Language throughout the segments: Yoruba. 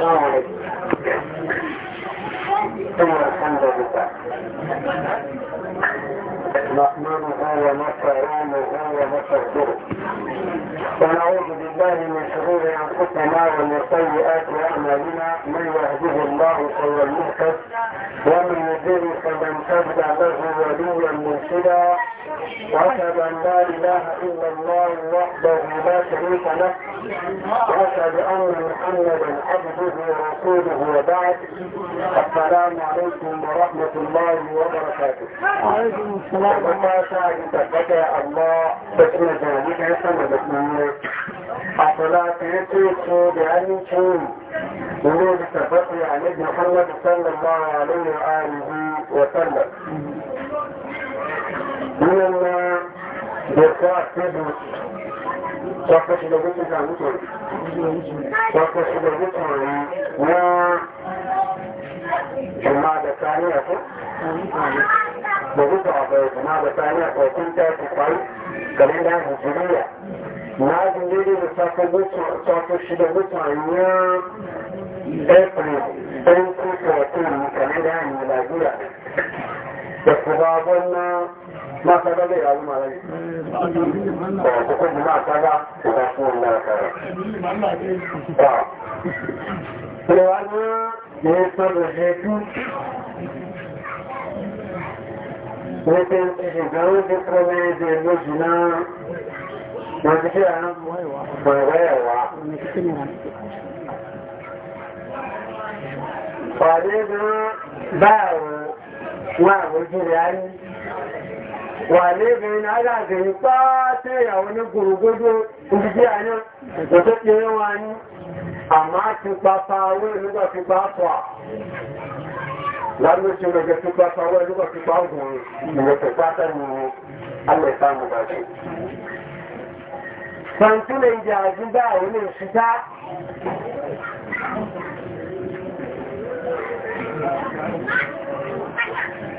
السلام عليكم ثم الحمد لله نحمده ونستعينه ونستغفره ونعوذ بالله من شرور انفسنا ومن سيئات اعمالنا من يهده الله فهو المهتد ومن يضلل فمن تبع له وليا مرشدا وأشهد أن لا إله إلا الله وحده لا شريك له وأشهد أن محمدا عبده ورسوله وبعد السلام عليكم ورحمة الله وبركاته. وعليكم السلام ورحمة الله بسم الله الرحمن الرحيم. الصلاة يتيسوا بأنكم ولو بتفقي عن ابن محمد صلى الله عليه وآله وسلم. مما يقاتل Sakashi da gutsun ka mutu, sakashi da gutsun na jama'a da saniya ko? Da a bai jama'a da saniya ko kun ta su kwai game da hijiriya. Na gindiri da sakashi da gutsun na April 2014 game da hijiriya. Da kuma na Mákàdá lè ra lúmọ̀ rẹ̀. Ọ̀pọ̀pọ̀ ni máa kájá ọ̀dá fún ọmọ ọ̀kọ̀rọ̀. Ìrọ̀wá ní ẹ̀sọ́rọ̀ ẹ̀kú. Wọ́n tẹ́ ìgbẹ̀rún ti kọ́ mẹ́rin lójú náà. Wọ́n ti kí àrán mọ̀ẹ̀wẹ́ ẹ̀wà. Pàdé gan báàrùn wọn àwọn ojú rẹ̀ ayé. wà lébìnrin aláàgbẹ̀rin pàtẹ́ ìyàwó ní gbùrùgbódó ìdíjí àní òtó ti rí wọn ní àmá ti pàpà owó ìlúgbà ti pa pọ̀ lálóṣù rẹ̀ ti pàpà owó ìlúgbà ti pa ọgùn ìrẹ̀fẹ̀ pátá ní alẹ́ta Thank you.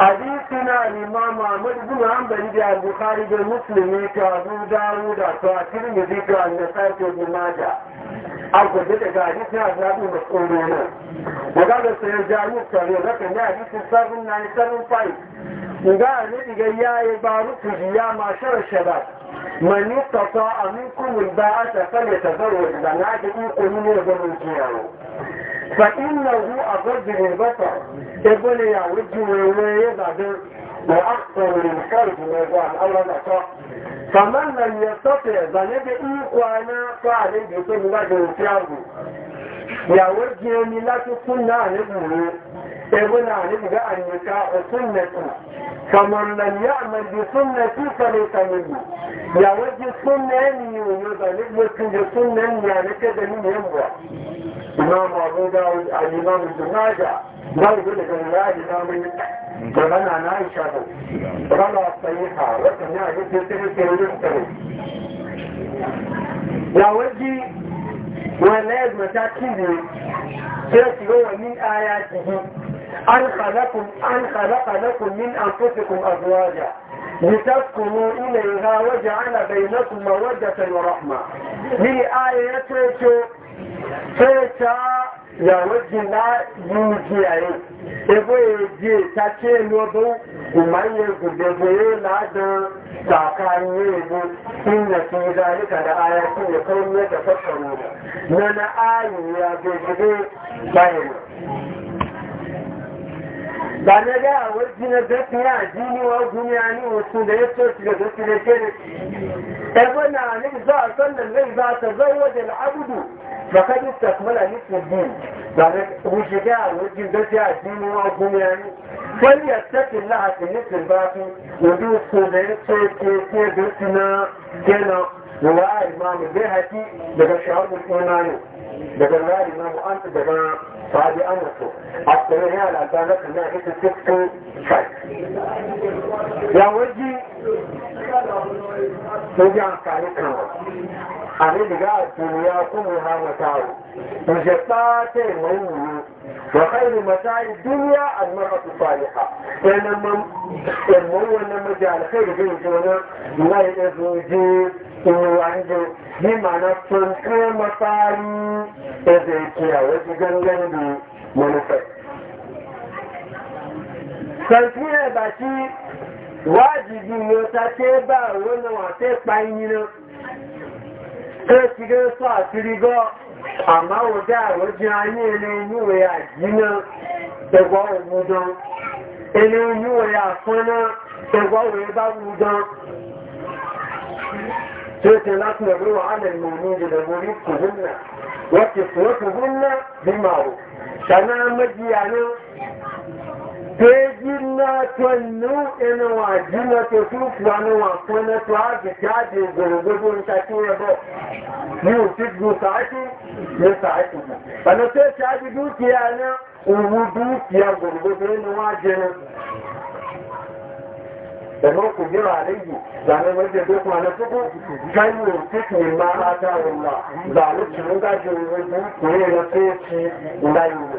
حديثنا الإمام أحمد بن حنبل عن البخاري ومسلم وأبو داوود والترمذي والنسائي وابن ماجه أقول لك حديثنا عن أبي مسعود هنا وقال سيجعل الصغير لكن حديث الصغير من الإنسان طيب وقال لك يا بارك يا معشر الشباب من استطاع منكم الباعة فليتزوج بنات يقول من يزوج فإنه أضد للبشر يقول يا وجه ويبعد وأخطر للقلب ويقول الله نعطى فمن لم يستطع ذنبئي وأنا فعلي بكل وجه فيه يا وجه لا تكون نعلمه يقول نعلمه أنك سنته فمن لم يعمل بسنتي فليس مني يا وجه السنة أني يذنب وكل سنة يعني كذا من ينبع الإمام أبو داود الإمام ابن ماجه لو ولد الولاد الإمام جبنا عائشة رمى الصيحة وكان يعني تلك يا ولدي ولاد متى تيجي تلك هو من آياته أن خلقكم أن خلق لكم من أنفسكم أزواجا لتسكنوا إليها وجعل بينكم مودة ورحمة. هي آية sai ta yawon gina yuji a yi ebo eji ta ce lobo umarye gudegoro na da tsakani ebo inda fi zalika da aya su ne kawai ne da fassaro na na ayi ya gajire bayan ba na ga a wajen na zafi ya jini wa duniya ni wasu da ya soci da zafi da ke da ebo na ni za a sannan zai za ta zai wajen abudu فقد استكمل مثل الدين بعد وشجاع وجه دجاع الدين وعظم يعني فليتق لها في مثل الباقي ودو الصدر سيكي سيدتنا كنا وراء الإمام البيهقي لدى شعب الإيمان لدى الله الإمام أنت لدى صعب أمرته الطريقة على ذلك أنها هي تسكت شيء يا وجي وجه عن كاريكنا àríbìgá àtìrìyà kúrò ha mọ̀táwò ìjẹ̀ pàtẹ́ ìmọ̀ ìwúwo wàkàrí mọ̀tá ìdúnyà àdúmọ̀rọ̀ tó fàyè ha ẹ̀mọ̀ wọn na mọ̀jẹ̀ àlẹ́fẹ́ ìdí ìjọ náà ìwà ìdẹ́gbẹ̀ ojú ìwò àjọ ní màánà tó ń kí mọ̀táàrí ẹ̀dẹ̀ ìkìyàwó ti gángan bí mọ̀nufẹ́. kàǹtí ẹ̀ bàtí wájìbì ni ó ta tẹ́ bá àwọn náà wà tẹ́ pa ìyìn náà kai ti ga so a tiri go amma wo da wo ji ani ne ni wo ya jina da gwa wo mu don ele ni wo ya fona da gwa wo ba mu don sai ta lati Bejina to nu ina wa jina to tu fulani wa kone to a ji jaje gorogodo n ta kire bo. Ni o ti gun saati, ni saati. Bana to saati dukiya na owu dukiya gorogodo ina wa jina. Bẹ̀rẹ̀ o kò yẹ́ra àlejò, ìgbàlẹ̀ wọ́n jẹ́ dókun àlẹ́ tókù, káyọ̀ ò tètè máa bá dáhùn là, ìgbà ló ti ń dájú ìwé ìlú kò yẹ lọ sí èsì ńlá ìwé.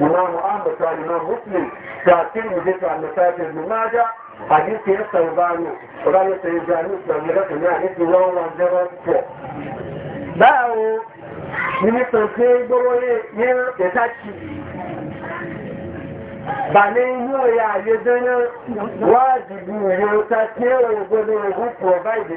imam ahmad ta imam muslim ta tirmidhi ta an-nasa'i ibn majah hadisi ya saubani rayu sai jami'u da ne da ne hadisi 1104 báwo ministan ṣe gbówó ní ẹ̀tàkì bà ní inú ẹ̀yà àyẹ́dẹ́nà wáàdìbì ìrìn ọ̀tà tí ó rẹ̀ gbogbo ẹ̀gbùn pọ̀ báyìí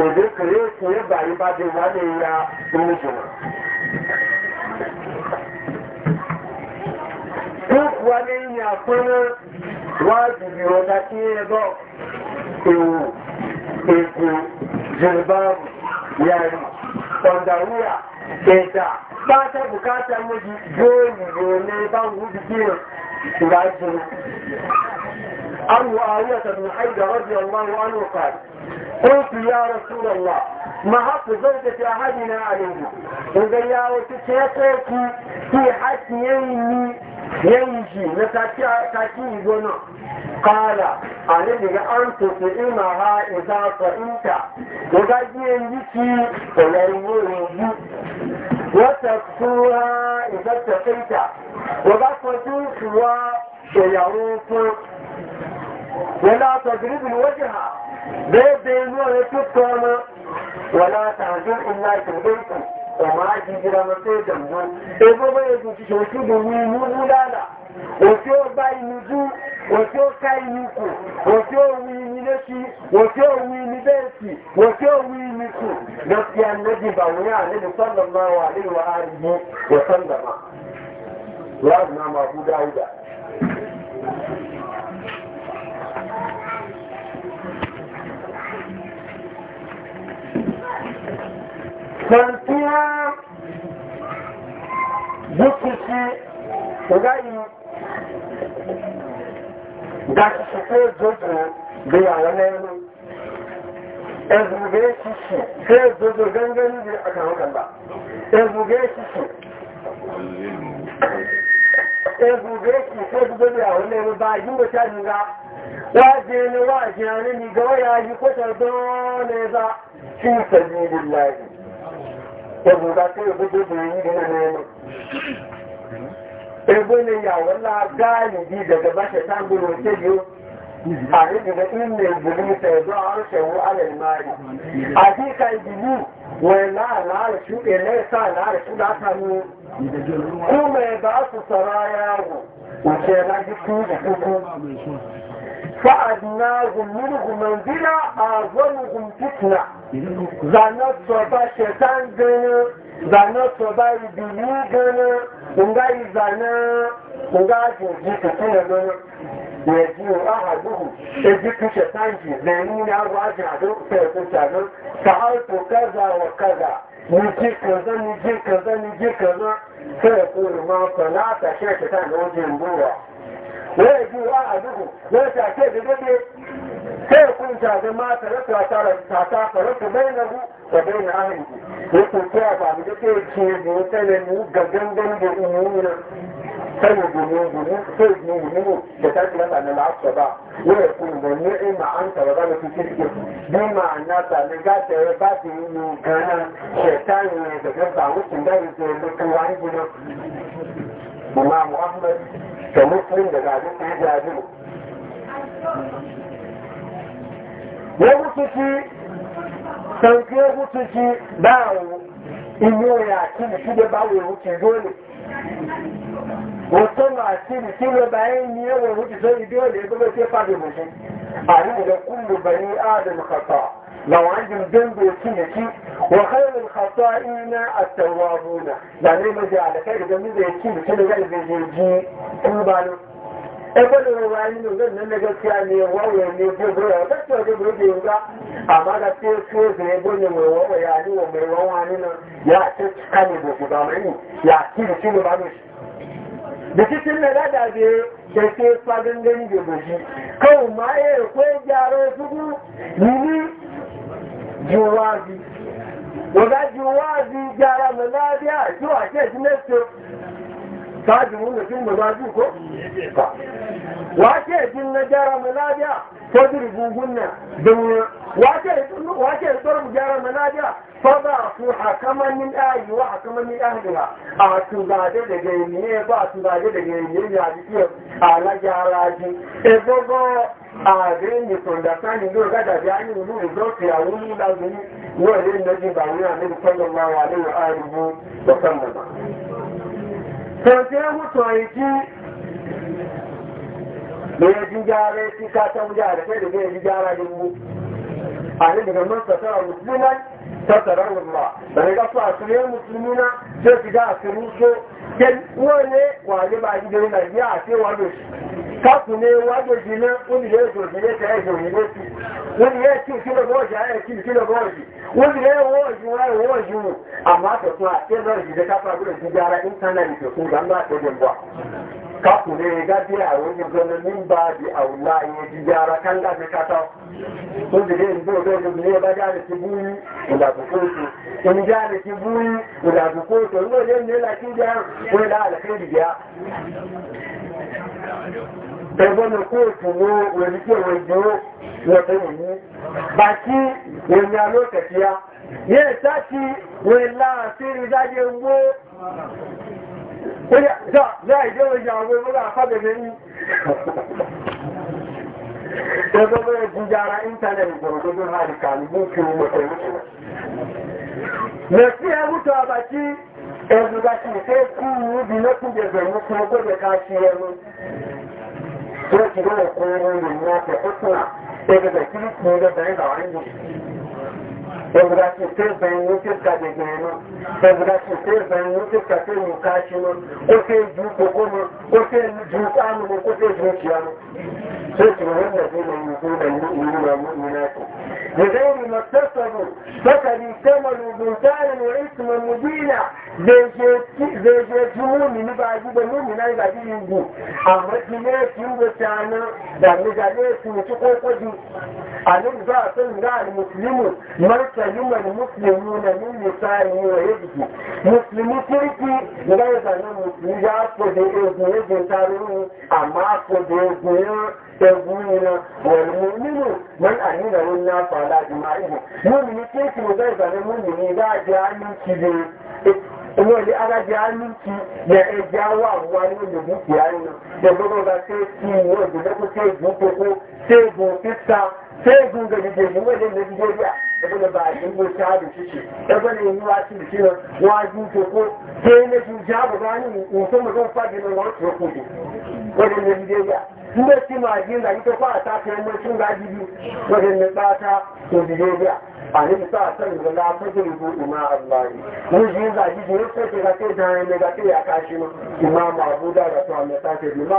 èdè kèrè èsì ẹgbà yìí bá dé wà lè ya inú jùlọ. Tókù wá ní ìyìn àpẹẹrẹ wá jùlọ ọ̀dá kí ẹgbọ́ èwò èkó jùlọbáàmù yàrá ọ̀dàwúyà ẹ̀dà pátá bùkátà méjì gbóòlù lòlẹ́ báwo bí kí ẹ̀ ìwájú. عن معاوية بن حيدة رضي الله عنه قال قلت يا رسول الله ما حق زوجة أحدنا عليه إذا يا وتشيطك في حق يمي يمشي نتاكي زنا قال عليك أن تطعمها إذا طعمت وقد يمشي ولا يمشي وتكسوها إذا اتقيت وقد فتوسها ويعوفك ha, ma ma na, ueụa a oke ka ie kwụ nwoke onwe ilei nwoke onwe ti nwoke onwe ii wụ a kwantuwa zukishi yi da su suke jojo biya wani yanu ezuge shishi sai jojo gangani da aka hakan ba ezuge shi, ezuge shishi sai jojo biya wani ba yi ba ta ga waje ne waje ne ni ga waya yi kwatar don ne za fi sabi lillahi ẹ̀bùnká tí ó gbogbo obìnrin yìí nínú ẹni ẹgbẹ́ ni ìyàwó ńlá gáàlì bí ìdẹ̀gẹ̀ bá ṣe sáàgbòrò ṣébi ó àríjìnlẹ̀ ilẹ̀ ìgbòmí tẹ̀ẹ̀dọ́ àrùṣẹ̀wó alẹ́mari àdíkà ìdìlú wọ̀n láàrùṣù ẹlẹ́sà láàrùṣù látàmú kúmẹ̀ bá sùsọ̀rọ̀ ayáwó òṣèlájú kú ìkúkú فأدناهم منهم منزلة أعظمهم فتنة زانت صبا شيطان جنة زانت صبا إبلي جنة ونغا إزانا ونغا جنجي فتنة جنة يجيو أحدهم يجيك شيطان جنين أرواج عدو سيكون شعر فعلت كذا وكذا نجي كذا نجي كذا نجي كذا سيقول ما صلاة شيطان وجنبوها wai ji wa a duhu wai ta ke da dade sai kun ta da ma ta rasa ta rasa ta rasa bai na hu da bai na ahli ko ko ta ba mu da ke ce mu tare mu ga gangan da umuna sai mu gumu gumu sai mu gumu da ta kula da na afsa ba wai kun da ni in ma an ta ba da cikin ni ma na ta ne ga ta ba ta yi kana shaytan ne da ga ba wucin da yake mutuwa ne imam ahmad da muslim da gabin da ya jajiru ya mutuci sanke ya mutuci bawo inyo ya kini shi da bawo ya wuce dole mutum a cikin kilo bayan yi yawan hudu sai dole ya zama ke fadi mutum a yi da kullu bani adam khata da wajen dambe ci da ci wa khairul khata'ina at-tawwabuna da ne maji alakai da mun da ci da ci da zai je ji kulbalu e ko da wani ne zan nan daga ciya ne wawo ne ko bro ta ce da bro da yanga amma da ce ko zai bonye mai wawo ya ni wa mai wawo ne ya ce kane da ku ba mai ya ci da ci ba mai da cikin na rada da ke fadin gani da bashi kawo ma yi gyara su ku nini juwazi wadda juwazi gyara malaria juwa ke shi kaji mun da jin mazaju ko wace jin na jara malaja ko dirbugunna dunya wace wace tsoron jara malaja fa ba su hakaman min ayi wa hakaman min ahliha a tugaje da gayne ba tugaje da gayne ya ji a la jara ji e go a grin ni sani do ga da ya ni mu do ti awu mu da ni wo ne ji ba ni a ni sallallahu alaihi wa alihi wa ba. tẹ̀sẹ̀ mútọ̀ ìjí lóye jíjáre tí káàkiri mújá rẹ̀ fẹ́ lóye jíjára yíwu àrídìgbà mọ́ sọ̀tọ̀rọ̀ mùsùlùmí sọ̀tọ̀rọ̀ wùlọ̀ bẹ̀rẹ̀ gọ́sọ̀ àṣírí a náà tí ó ti dá àṣírí só jẹ́ wọ́n lé wà ní bá jíjẹ́ ní nàìjíríà àti wàdòṣì káàkiri ní wàdòṣì náà ó nìyẹ́ wọ́n ti lé owó ìjùmọ̀ láì owó ìjùmọ̀ àmọ́ àtẹ̀kùn àti ẹgbẹ́ òṣìṣẹ́ kápá gbọ́dọ̀ ti dára íńtánẹ́ẹ̀tì òkun gbàgbọ́ àtẹ̀jẹ̀ bọ̀ kakule ga bi a wani gwamnanin ba bi a wula ya ji gyara kan da ta kata kun da yin da ne ba da ki buyi da ku ko to in ja da ki buyi da da ko da ala ki da ẹgbọ́n mi kó òtù wo òrìṣẹ́ òjò lọ́tọ́ wani ya lo tafiya ya sashi wani la'asiri zaje wo za a je wajen abuwa mura faga gani ya zama ya jijara intanet gwargwajon harika mukin mutum na siya mutu a baki yanzu ga shi sai kuru bi na kuje zai kuma ko da kashi yanzu sai ki gana koyo ne na ta daga da kiri ne da dare da wani ya guda ce sai bayan yusuf ka da gina ya guda ce sai bayan yusuf ka sai mu kashi ne ko sai ju ko kuma ko sai ju tsanu ko sai zuciya ne sai su wanda zai da yuzu da yuzu da yuzu بغير ما اكتسبوا فقد اكتملوا بهتانا واثما مبينا زي جيتمون من بعد بنون من اي بعد ينجو اما كنات ينجو تانا دعني جاليس وتقوى قدي عليك ذا سنة المسلمون مركا يوم المسلمون من نسائه ويبكي مسلمي تركي غير أن المسلمي يعفو بإذن يجن تارون أما عفو بإذن يبوننا والمؤمن من أمين لنا فعلى دمائه مؤمن كيف مزيزة المؤمن إذا جاء من كذب inú ilé adájẹ́ alúkì ní ẹja wà wà nínú ìlú ti àìyàn ìgbọ́gbọ́ bá ṣe kí ìwọ ìdílẹ́kùn ṣe ìgbọ́n kókó ṣe ìgbọ́n kíta ṣe ìgbọ́n gẹ̀gẹ̀gẹ̀ ìgbọ́n lè lè dídé bíà ẹgbọ́n bá ìgbọ́n ṣáàlù ṣíṣe ẹgbọ́n lè inú àti ìṣe lọ wọ́n á gbọ́n kókó ṣe ilé ju jáàbọ̀ bá ní ìṣọ́mọ̀tò ń fàgẹ̀ lọ́wọ́ nígbà tí màá di ìgbà yìí tó kọ́ àtà kan mọ́ tí ń bá di bí wọ́n ti ní pátá òdì lébíà àníbi tó àtà ìgbàlá fẹ́jọ ìbò àgbáyé ní ju ìgbà jíjìn ó fẹ́ ṣe mọ́ ìmọ̀ àmọ̀ àbúdá ìgbìyànjú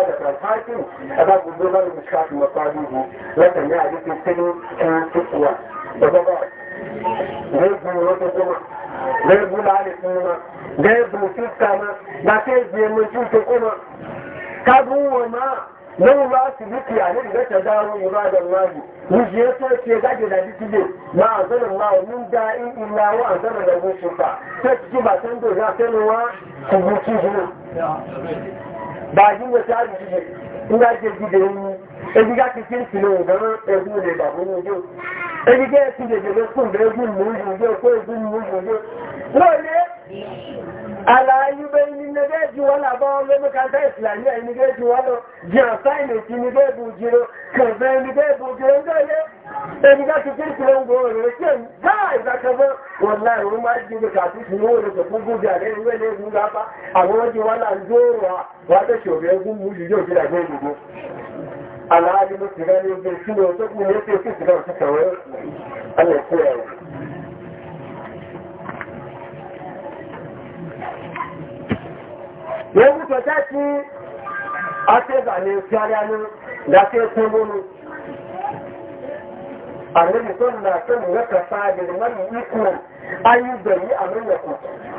tó kọ́ mọ̀ kábùú máa nan ba su bi tiyane da ta dawo ibadan da wuce ya so ce gaje da duk ne ma ma min da'in illa a zanen da gushi ba ta ciki ba san da ba egiga ti ti ń sinmi ìgbẹ́rún egun lè dàbí ní ojú egiga ti lè jẹ́lé fún ìgbẹ́ egun mú ìlú ojú kó egun mú ìlú ojú lóòlé aláyúbẹ́ ní nẹ́gẹ́jì wọ́n làbọ́ lẹ́mẹ́kàtà ìsìlàní ẹ̀ nẹ́gẹ́jì wọ́n lọ jẹ́ sáìnì ti nẹ́gẹ́bù jiro kẹfẹ́ nẹ́gẹ́bù jiro lóòlé egiga ti ti ń sinmi ìgbẹ́rún rẹ̀ tí ẹ̀ dáa ìdákẹ́fẹ́ wọn láì wọ́n máa jí gbẹ̀kà tí sinmi wọ́n lè sọ fún gúdì àlẹ́ ìwé ní egun gáfá àwọn ọjọ́ wọn là ń dóòrò wa wọ́n á bẹ̀ ṣòro egun mú ìlú ojú alhali mafi ranar girki ne wata kuma ya fi su ga wasu kawai Allah ya koya wa ya wuce ta ci a ce zane fiya da ke kuma annabi sallallahu alaihi wasallam ya kasa da man iko ayyukan yi a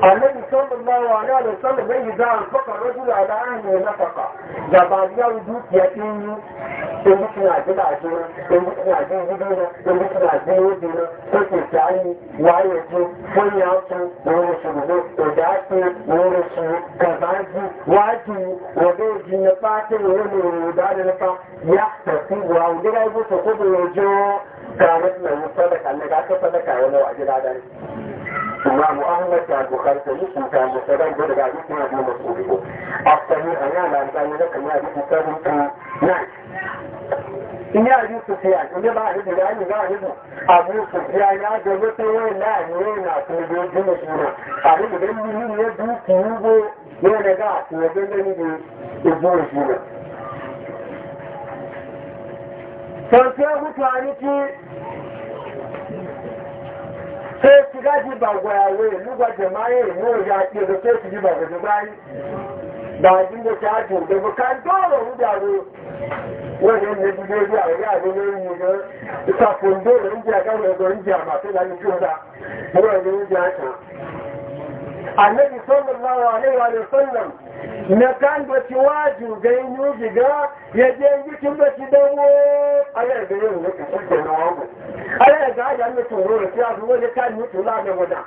annabi sallallahu alaihi wa sallam bai yi zan faka rajul ala ahli nafaka da ba ya dukiya din yi in bi kina ji da ji in bi na, ji ji in bi kina ji ji ko ke tsani waye ji ko ya ce wani shi ne to da ce wani shi ka ba ji waji wado ji na fata wani da da fa ya tafi wa wanda ga ko ko da jo ka na sadaka ne ga ka sadaka wani waje da dan امام احمد در بخاری صحیح میکنن مثلا دو بعدی که از مسئولی بود اصلا انا لك ما نعم بعد نه. دو نگاه تو که sai ki gaji ba gwayawe lugwa jama'i mu ya ke da sai ki ba ga ba jin da ta to da bukan dole mu da ro wani ne bi da ya ya da ne mu da ta kun dole in ja ga da in ja ba sai la ni da mu da in ja ta annabi sallallahu alaihi wa sallam na kan ba ci waju ga yi yi ga ya je yi kin ba ci dawo ala ga yau ne ka na wago ala ga ya ne to ro ta kan ni to la da wada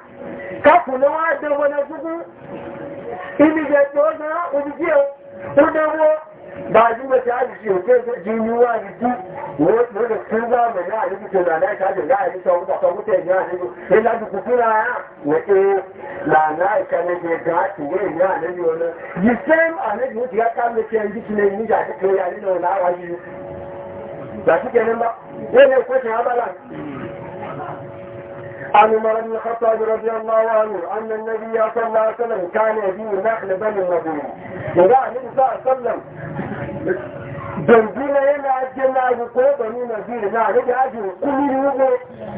ka ku na wada wada zugu ini ga to na ubi je ba ji mace a jiki hotel ta jini wa jiki ne da sun zama na a jiki tona na ta jirga a jiki wani kafa mutane ya jiki ya kukura ya na ke na na ika na ke ga ci ne ya na biyo na yi sam a na biyo ti ya kama ce yan ne yi ja ta ke ya ni na wani awa ba shi kenan ba عن عمر بن الخطاب رضي الله عنه أن النبي صلى الله عليه وسلم كان يبيع نحل بني النبي وقع النبي صلى الله عليه وسلم بنزينا ينا الجنة يقول بني نزيل نعم نجي أجل كل يوم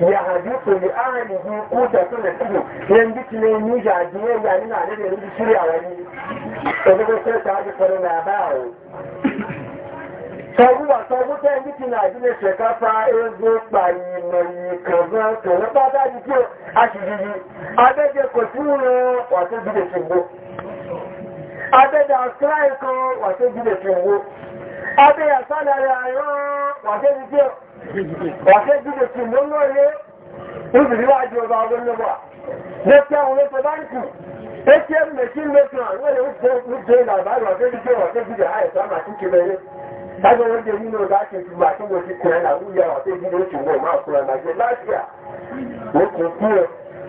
يحدث لأهله قوتا كل سنة ينبت من نجا جنة يعني نعم نجي نجي سوريا ولي فذلك سيطة هذه قرنا باعه tọwúwà tọwútẹ́ ní ti nàìjíríà ṣẹ̀káfà egbò pàyìmọ̀ ìkàngan tòun pátá ní tí ó aṣìṣìṣì abẹ́jẹ kò sí rán wàtójúdè ṣùgbó abẹ́jẹ àṣíráì kan wàtójúdè ṣùgbó abẹ́jẹ àṣálàrẹ̀ àyán wàtójúdè ṣùgbó lóòrẹ́ ìbìríwájú ọba ọgbọ́nlọ́wà lẹ́tẹ́ àwọn olóṣọ báńkì atm machine maker wọ́n lè ń fún ìlàbáyọ̀ wàtójúdè àìsàn àti kìlẹ̀ tájọ́ wọ́n jẹ́ nínú láti ti gbà tí mo ti kọ̀ ẹ́ làwọn ìyá wà tó bí ló ti wọ̀ máa kúrò àgbàjẹ́ láṣìá ó kò kú ẹ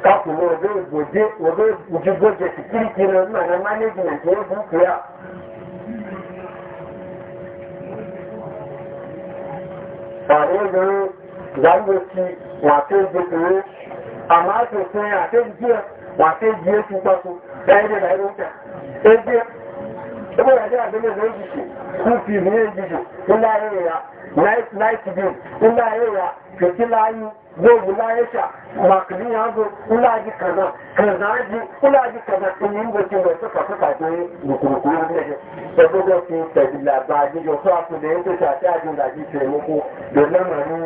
kápò lọ ọdẹ ògbòjé ọdẹ òjúgbòjé síkírìkì rẹ nínú àwọn mánéjìmẹ̀tì ó bú pé à. àwọn obìnrin ìdájọ́ ti wà tó gbé pèrè àmọ́ àtòkùnrin àtẹ́jíjẹ́ wà tó gbé púpọ̀ tó ẹ̀ẹ́dẹ̀ láì ebe ya jẹ́ àgbẹ̀lẹ̀ ìwé ìjìṣẹ́ ń fi ìmú ìjìṣẹ́ ńlá ayé ya láìsí bí ńlá ayé ya kìkí láyé gbogbo láyé ṣà màkìlì yàgò kàná kàná ayé kàná ìní ń gbèsè wẹ̀ fífà fífà jẹ́ lùkùlùkù ní ẹ̀jẹ̀ ẹgbẹ́gbẹ́ fi tẹ̀lé làbà àjẹjọ tó àkùnrin ń pèsè àti àjọ ìlàjì tẹ̀ lóko dòlẹ́mà ní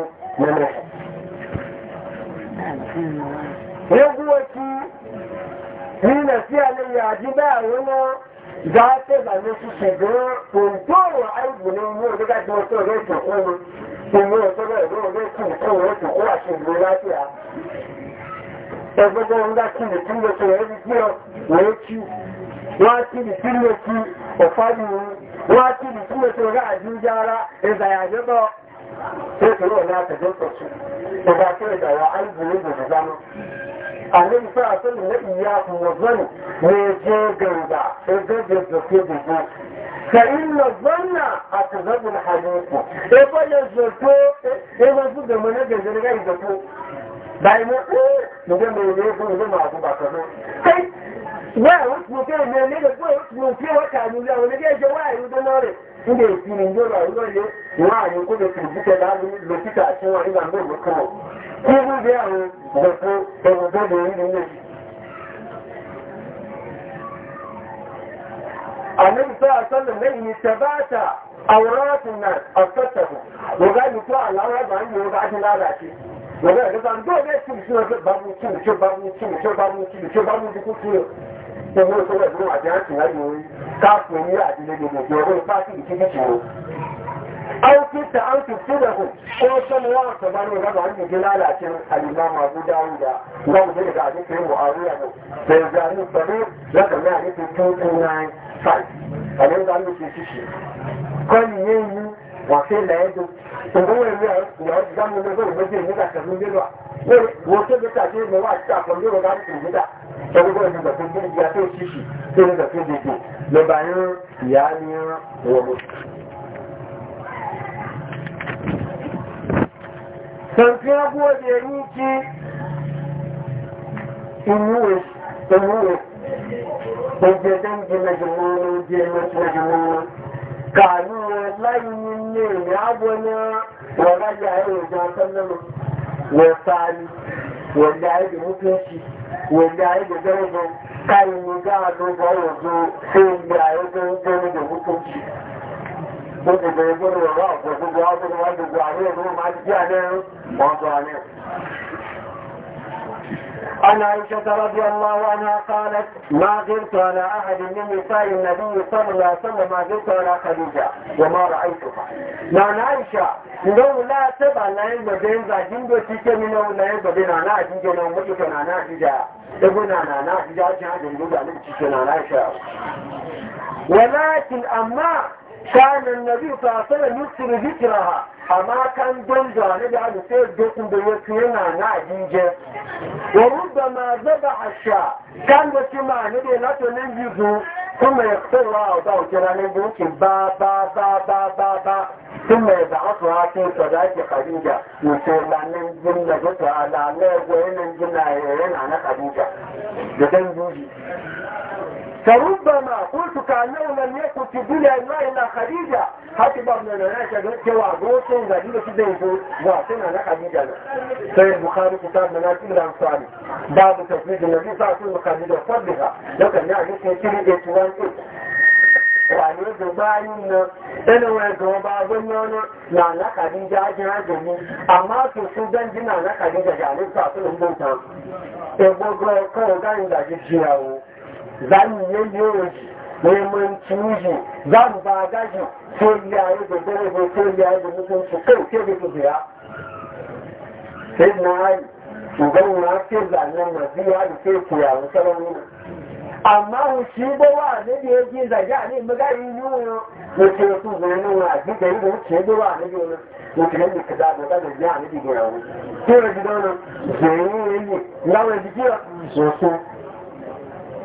nẹ́mẹ̀. zaate ba ne sise gan òǹdóòrò àìbù ni mo ní ká jẹun tó rẹ tó kún mi èmi ò tó bẹ̀rẹ̀ lóun rẹ kí nìkan rẹ tó kó láti à. ẹgbẹ́gbẹ́ ńlá kí ni kí ló tó rẹ ní gbé ọ wọ́n kí wọ́n kí ni kí ló kí ọ̀fà yìí wọ́n kí ni kí ló tó rẹ àdúgbò ara sai ka na ta jinta su da ba ta da wa an zuwa da zama annabi sa a sanin na iyaku wa zan ne je gauda sai gaje da ke da eh, zo فإن الظن أتذب الحديث إذا يزلتو إذا زد من أجل ذلك يزلتو دائما إيه نجمع إليه ونجمع أبو بكر wáyé wọ́n tún fẹ́ mi ẹni lọ́pọ̀ tún fi wọ́n kà mí lọ́wọ́ ní ẹjọ́ wáyé ló dáná rẹ̀ níbi èsì ní ìjọba ìlọ́ yẹ wọ́n àyè kó lè tún jíṣẹ́ láàrin lọ títà tí wọ́n nígbà náà ló kọ́ kí wọ́n bí àwọn gbẹ̀fọ́ ẹ̀rù bọ́ọ̀lù yìí nílé. àlébùsọ àtọ́lù lẹ́yìn ìṣẹ̀báàtà àwòrán ọ̀tún náà ọ̀tọ̀tọ̀bù wọ́gá yìí tó àláwọ̀ ẹ̀bà ń yọ ọ̀gá wọ́n bẹ̀rẹ̀ nípa ní bóyá ẹ̀ tún ìṣúná tó bá mú tún ìṣó bá mú owó ìṣẹ̀lẹ̀ fún àjẹ́rẹ́sì láyé orí káàkiri ní àdílé gbogbo ọdún pàtí ìkíkíkì o. àwọn ta àwọn tí kó sọ́mọ wọn àtọ̀bá ní ìlànà àdìgbé lálàáṣẹ àlìmọ́ àbúdá òdà wọn lè dà ní pé wọ́n àrùn bẹ̀rẹ̀ ní pẹ̀lú lọ́kàn tòun wẹ̀ ní ọ̀ ìdámu ní ọgbẹ́ ìgbésẹ̀ nígbà tẹ̀lé nílò à pé wọ́n tó bí tàbí ìmọ̀ wà sí àkọ́lé ọ̀gá ìpè nígbà tọ́gbọ́ bọ́ ìgbà tó gbé ìgbà tó ṣíṣì tó nígbà tó dèdè lọ́ba ń ìyá ní wọ̀mọ̀. Santiago de Niki Inúwe Inúwe Ogbẹ̀dẹ́gbẹ̀ mẹ́jọ mọ́ oúnjẹ mẹ́jọ mọ́ kàánú láyé nílé rẹ̀ ábọ́nyá wọ́n rájà ẹ̀rọ ìjọ afẹ́lẹ́nu wọ́n sáàlì wọ́n lé ayé ìdìbò kéèkì wọ́n lé ayé gẹ́gẹ́ káyé ní gáàdó bọ́ọ̀lù tó ṣé ilé ayé gẹ́gẹ́ ní ìdìbò kéèkì. ó ti gbọ́dọ̀ wọ́n wá gbogbo àwọn tó wá gbogbo àwọn èèyàn ló máa jí àná wọn sọ àná. عن عائشة رضي الله عنها قالت ما غرت على أحد من نساء النبي صلى الله عليه وسلم ما غرت على خديجة وما رأيتها معنى عائشة لو لا تبع لا يبدين زاجين دو تيكي منه لا يبدين أنا عجيجة لو مجلك أنا عجيجة يقول أنا أنا عجيجة عجيجة يقول أنا تيكي أنا عائشة ولكن أما كان النبي صلى الله عليه وسلم يكسر ذكرها amma kan don zane da hannu sai dokun da ya fiye na na ajinje wa rubda ma zaba asha kan da ci ma ne da lato nan jizu kuma ya tsowa a ba o kira nan yankin ba ba ba ba ba ba kuma ya za'a tuwa ke sadaki khadija wato lanin jinna ga ta ala ne goyen jinna na yana na khadija da dan juji فربما قلت كأنه لم يكن في الدنيا إلا إلا خديجة حتى بعض من الناس يقول كوا غوثين غريبة كده يقول واعطينا أنا خديجة سيد البخاري كتاب مناكب الأنصار باب تفويض النبي صلى الله عليه وسلم خديجة فضلها لكن يعني اسمه كده إتوان wà ní dubai nà ẹnu ẹgbẹ̀ ọba agbẹ́nà nà alákàdíjà ajínrà jẹ̀mí àmá tòṣù bẹ́ndì nà alákàdíjà jẹ̀ àlẹ́sà tó ń bọ̀ ẹgbọ́gbọ́ ẹ̀kọ́ ọ̀gá ìdàjẹ́ jìyàwó za mu yayyo shi muhimmancin shi za mu ba gashi ko yayi da dare ko ko yayi da mutunci kai ke da su ya sai na yi shugaban na ke zanen na biya da ke kuya wa salon amma shi ba wa ne da yake zage a ne magari yi wani mutum su zai nuna a gida yi da wuce ba wa ne da wani mutum da ka da da zai a ne da gina wani. da gidan zai yi wani yi, na wani jikiya sosai.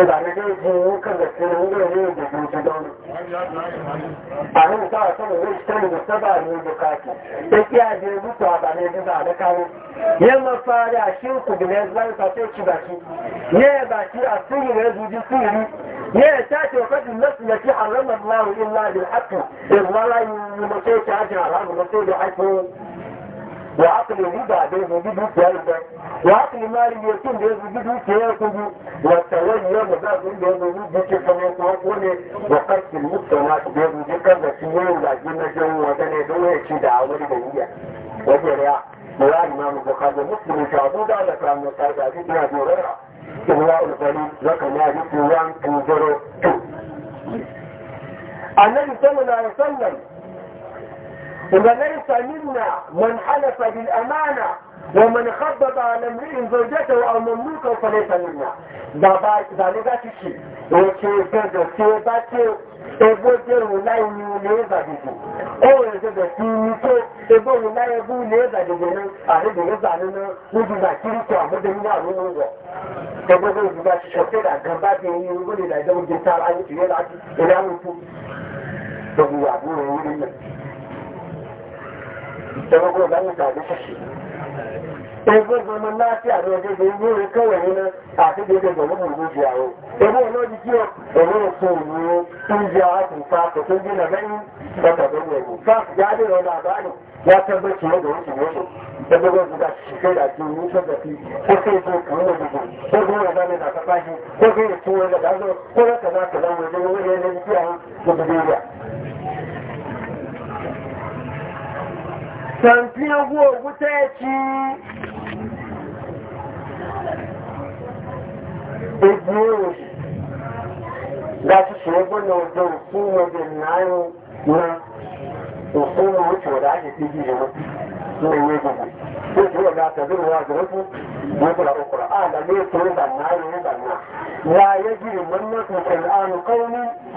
ìgbàlejò ìgbìyànjú kẹ̀lẹ̀ sí orílẹ̀ ní ìgbìyànjú ìjọdọ́nù. Àwọn ìta àtọ́nà ló ṣe ìlú sọ́bà ní ìlú káàkì, èkí àjẹ ìrútọ̀ àbàlẹ̀ ìdíbà àdẹ́káwó. Yẹ́ mọ́ fàárẹ àṣíkù bìnẹ̀ ẹgbẹ́rún pàtẹ́ ìṣìbàṣí, yẹ́ ẹ̀bà tí àtúrù rẹ̀ zùjú sí ìlú, yẹ́ ẹ̀ta àti ọ̀kọ́dù lọ́sùn lẹ́kí àrọ́mọ̀ láàrín láàrín àpù, èwọ́lá yìí ni mo tó ṣe àjẹ àrọ́mọ̀ lọ́sọ̀dọ̀ àìkú وعقل الربا ده يزيد الجلد وعقل المال اليتيم ده يزيد الكياكب والتولي يوم ده يزيد الكياكب وقل وقت المستوات ده يزيد كذا سنين ولازم جو ودن يدوه يشي دعوة لبنية وجرع وعن إمام البخاري مسلم إن شاء الله ده لك عن مصاري عزيز بن أبي هريرة إغواء الغريب ذكر ما يجب 1 2 0 2 النبي صلى الله عليه وسلم وليس منا من حلف بالأمانة ومن خبب على امرئ زوجته أو مملوكه فليس منا ذلك الشيء وكيفية سيباته eboje wula ni ule eza dede o ezebe ti nike ebo wula ebe ule eza dede ni arebe eza nínú níbi ìgbà tí ìtọ́ àmúdé nínú àrùn ló ń wọ̀ ẹgbẹ́ bó ìdìbò àṣìṣe ọ̀kẹ́dà gan bá ẹgbẹ́gbẹ́ ọmọ láti àwọn ẹgbẹ́gbẹ́ ìwé orin kẹwẹ̀ nínú àti gbẹ́gbẹ́ pẹ̀lú gbogbo ìjì àwọn ẹgbẹ́ ọlọ́dún tí ó ẹ̀rọ òkú ń jẹ àtúnfà tó gbé wọn lẹ́yìn tí àwọn gbogbo tàbí ogún ogún tẹ́ẹ̀kì ogun oòrùn láti ṣe gbọ́nà ọjọ́ òfin ọdẹ náírùn na òfin ọmọ ìṣòro láti fi jí ìrọ̀ ní ìwé gbogbo tí ìṣòro ọ̀gá tẹ̀lé ìwé àgbẹ̀rẹ̀ fún ní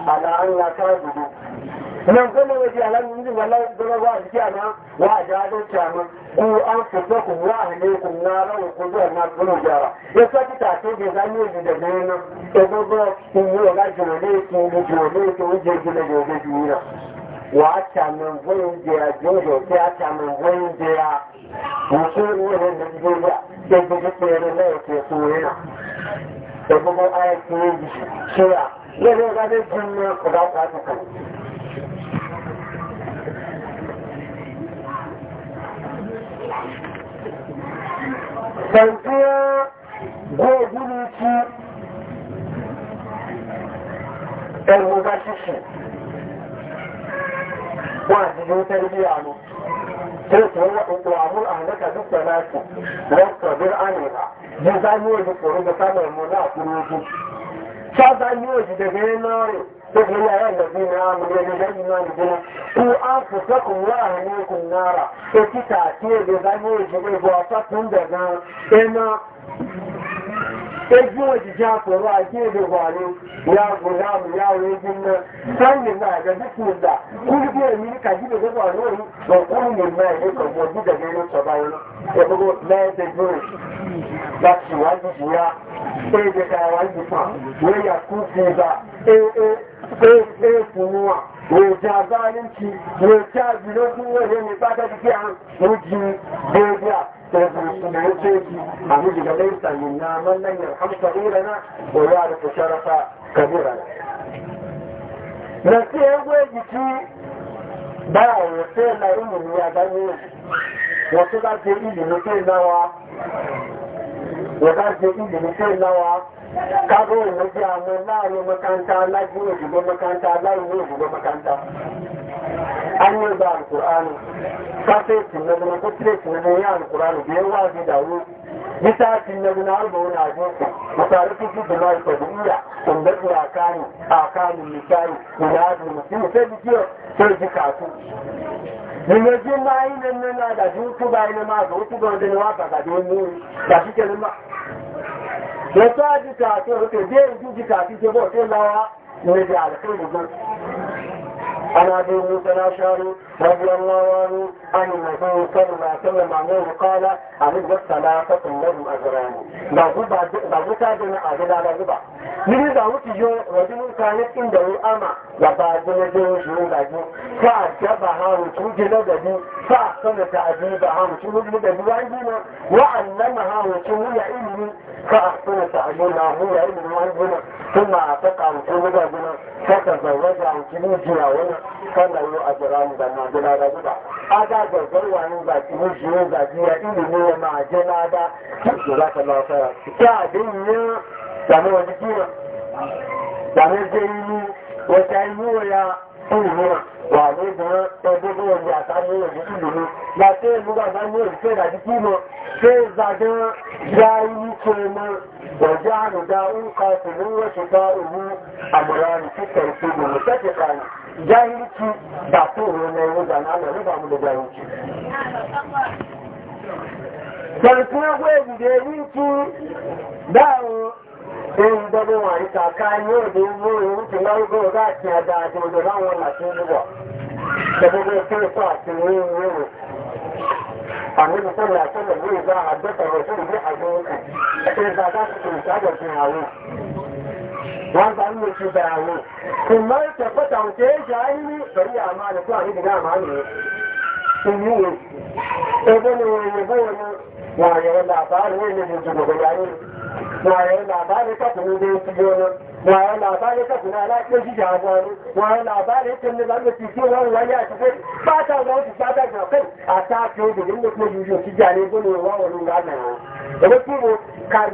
bà nan kuma waje alam yi wala dole wa kiyama wa da da kiyama ku an fuka ku wa hale ku na rawu ku da na kuma jara ya saki ta ce da zani ne da nan to gogo ku yi wa jare ku mu jare ku je gina da da jira Tantiya gobe ne ci ‘yan ruga shishi, wa jijin tarbiyya ne, sai su yi waɗanda amur a hannaka duk da nasu, don kabir amina, jin zaniyo da tsoron da samun mula a يقول يا الذين آمنوا الذين إيمان بنا قوا أنفسكم وأهليكم نارا إتي تأتي بذنو يجب وأفتهم بنا إما Ejú òjìjá àpòrò àjí èdè wà ní yàgò láàmù yàwó ejú náà, sáàmì náà gẹ̀ẹ́gẹ́ fún ìgbà, kúrú bí èmi ní kàjí lè gbogbo àwọn òní, ọ̀kúrú lè máa ẹ̀yẹ́ kọ̀ọ̀mù ọdún gẹ̀gẹ́ ló sọ̀bá iná. Ẹgbogbo lẹ́ẹ̀dẹ̀ ɗaya kunuwa mai ta zalunci mai ta zinan kunuwa ne mai ba ta jiki an muji daidaiya ta zuwa ce ki a muji ga laisa min na mallan ya hamsa irana da ya rufe sharafa kabira na sai gwe jiki ba a wasu na ilimin ya gani wasu za ta yi ilimin kai yàrá ṣe ìdìbò ma ì náwà kágó ìwéjì àwọn láàrin mọ́kántà alájú òṣùgbọ́ mọ́kántà aláìwé òṣùgbọ́ mọ́kántà anúgbà alùkùránù sáfẹ́ẹ̀tì mẹ́rin kó tírèsì mẹ́rin yá alùkùránù bí wà ìyà òǹdẹ́kùn àkáàlù àkáàlù nìkáàlù ìyá àdùnnù sí kí ọ̀ tó ìdí kàtó Ìyẹn tí da ń lè ní àdàjú tó bá ilé máa gbọ́ tó gbọ́n dẹni wá bàbàdé mú ìdàjú tẹnu máa. Lọ́tọ́ àjíkà àti òkè dé ìjú jìkà àti ìjọba òkè عن ابي موسى الاشعري رضي الله عنه ان النبي صلى الله عليه وسلم عنه قال اعز الثلاثه لهم اجران بغبا بغبا بغبا بغبا Nibi da wuce yi wajen mutane cikin da ruwa ma ya ba ji na jin shi yi da ji, sa a jaba ha wuce wuce na gaji, sa a sanata a jini da ha wuce wuce na gaji, wa an nan ha wuce wuce ya ilimi, فأحسن هو علم ربنا ثم أعتق عن بنا فتزوج عن كنوزنا ونا فلا يؤجران بنا بلا رجل هذا جزر عن ذا كنوز ذا جيا إلمي مع جنادا جزاك الله خيرا كعدية يعني وجدينا يعني جيني وتعلموا يا ìrìnà wà lẹ́gbọ́n ẹgbẹ́ tó wọ́n di àtàwọn òṣìṣì lòlò láti ẹgbẹ́ àtàwọn òṣìṣẹ́ ìdájí kí mọ́ ṣe ìgbàjọ́ ya inú tó ẹmọ ọjọ́ àrùdá ń ka òṣèlú rẹ̀ṣẹ̀ta òwú àmọ̀ra ìfẹ́kẹ̀ ìṣèlú ìṣẹ́kẹ̀ kan ya inú tí dàtò òun ẹ̀rọ ìdáná lọ nígbà mú lọ́gbà ìwọ̀n Tẹ̀lifín ẹgbẹ́ ìdìdè ní ti dáhùn e dabo wani kaka ne da yi zuri wuce na yi za a ciya a nuna za a ní fún waye labari ka tuni da su jono waye labari ka tuni ala ke shi jagoru waye labari ka tuni da su ci wani wani a cikin fata ga wasu fata ga kai a ta ke da yin da kuma yujo shi jane gani wa wani gana da wasu mu kari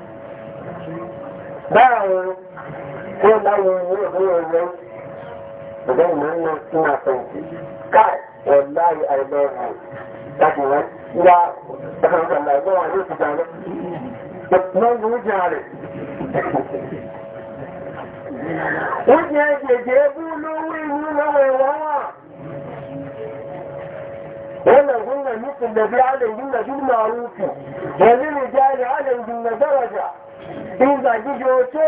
báwọn wọn báwọn ìwé ìwé ìwé ọ̀gá ìmọ̀ ńlá ńlá fẹ̀yìntì káì وللرجال ìgbà jíjọ tó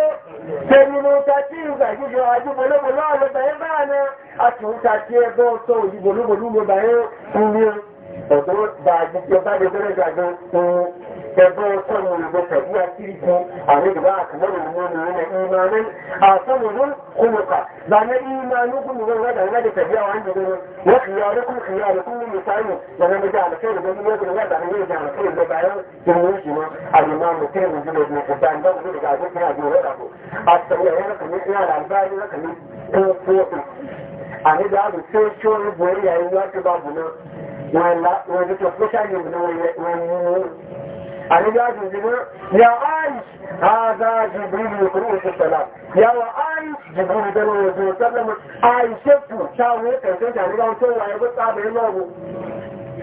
tẹnumọ tàbí ìgbà jíjọ ajúbọlọ́bọlọ́ àlọ́bàáyé bá àná àtúntà tí ẹgbọ́ tó ìdìbòlúbòlú lọ́bàáyé ń rí ọ̀dọ́ bá àjíjọ bá lè bẹ́rẹ̀ gbàgbọ́ دبو كل بسبيع تيجي عليك بقى كمان المؤمنين إيمانا أعصمهم خلقا معنى إيمانكم هو هذا هذا تبيع عندكم وخياركم خياركم لمسائل لما نجي على خير بني يجري هذا هو يجي على خير ببعيان جمهورنا الإمام الكريم من جمهور ابن حبان ده وجود قاعدين فيها جمهور أبو أستمع هنا كمية على الباري وكمية فوق فوق أنا ده أبو سير شو البوري أيوة تبابنا ولا وجدت فشل من ولا النبي عايز جبريل يا عايش هذا جبريل يقرأ في الصلاة يا عايش جبريل ده لو يزور سلم عايشته شاوه كنت يعني لو سوى يبقى صعب الله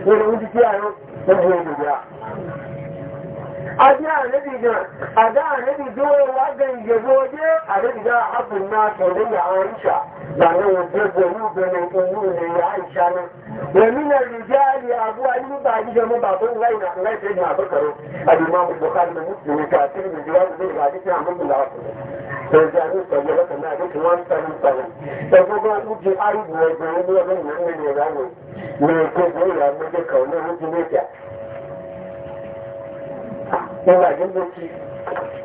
ولو انت فيها يوم نجي يجي Adé àrẹ́bì náà, àdá àrẹ́bì tó wà gẹ ìjẹ̀bú ọdé, àrẹ́bì náà hapù náà tẹ̀lé àwọn ìṣà láàrin òjò pẹ̀lú ìbẹ̀rẹ̀ inú ilẹ̀ àìṣà náà. Wẹ̀mí náà lè jẹ́ àlè àbú ayélujá àjíjẹ mọ́ bàbá ní àbẹ́kọ̀rọ̀. Àdìmọ́ àbúkọ̀ káàdì náà àdúgbò wọn nígbà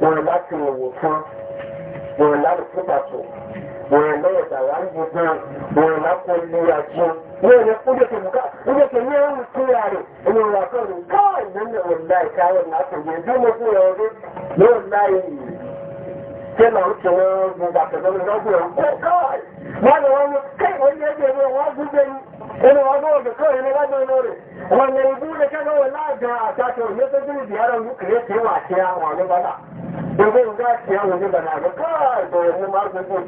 wọ́n láti òwò wọ́n láti púpàtó wọ́n lẹ́yẹ̀ dàwà ń gbogbo wọ́n lápò ilé ajé wọ́n yẹ kó jẹ́ tòmùká ó jẹ́ tòmí ẹ̀rù tí a rẹ̀ ẹni wà kọ́ káà ìlú ní ọ̀la ìkáwọ̀ láti yẹ bí mo fún ẹ̀rọ lóòláyé yìí 这老钱，我大什么们都是，我靠！买个我，嘿，我爷爷给我花五千，我大哥给多少钱？我大哥那里，我内部的这个我大姐啊，家说你在这里啊，你肯定得花钱，我那管他。如果我再钱，我就把那个干掉，你妈的不？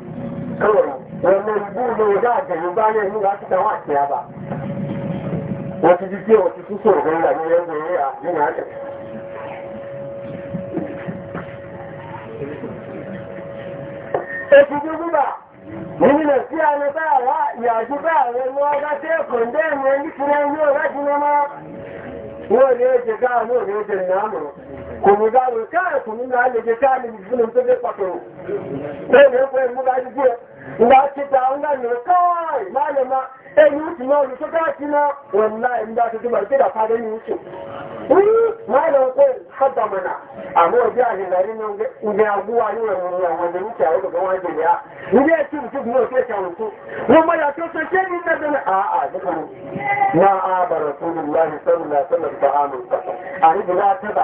够了！我内部这我大姐，你当你应该得花钱吧？我直接，我直接说，我奶奶没有钱啊，你拿去。Ètìjú nínú sí àmì bá wà rẹ̀ ní ọgá tí èkò ń dẹ́rùn ẹni tí wọ́n yóò rẹ́jú mọ́mọ́. Wọ́n ní òní oúnjẹ ní ìfúnnú tó Ndị ti ta nga ni kai e ni ti so ka ti na wallahi nda ta ti ba ti da fare ni ndị ko a hindari nan ga aguwa ni wa ni ya wanda ni ta ga wanda ya ni ti e ti ku e ma ya to so ke ni a a na a ba rasulullahi sallallahu alaihi wasallam ta amin a ni da ta ba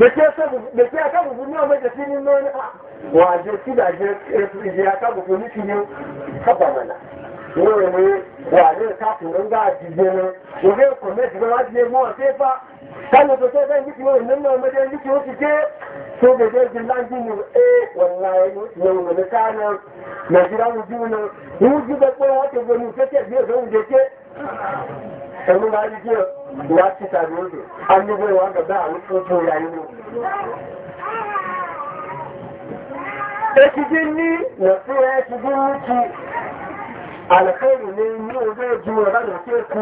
bẹ̀tẹ́ akábùkù ní a ìjẹsí ní mẹ́rin wọ́n àjẹ́ sídà jẹ́ ìjẹ́ akábùkù ní kí ni kábàmàlà wọ́n rẹ̀ ní wà ní ìkáàkùn ń gbà jíjẹ ní òfin ẹ̀kọ́ mẹ́jì bá kano jíjẹ mọ́ ọ̀tẹ́ fá káyọ̀ tó tẹ́ fẹ́ ní kí wọ́n nínú ọmọdé ní kí ó ti dé tó bẹ̀rẹ̀ ti láńdí ní ẹ wọ̀nà ẹni tí wọ́n wọ̀nà káàná nàìjíríà ẹnu bá rí díẹ̀ wá ti tàbí odò a ní bẹ́ẹ̀ wá gbàgbá àwọn tó tó ya inú. Ekidi ní lọ́sí ekidi ní ti àlẹ́kẹ́rì ní ní ojú ojú ọ̀rá lọ sí èkó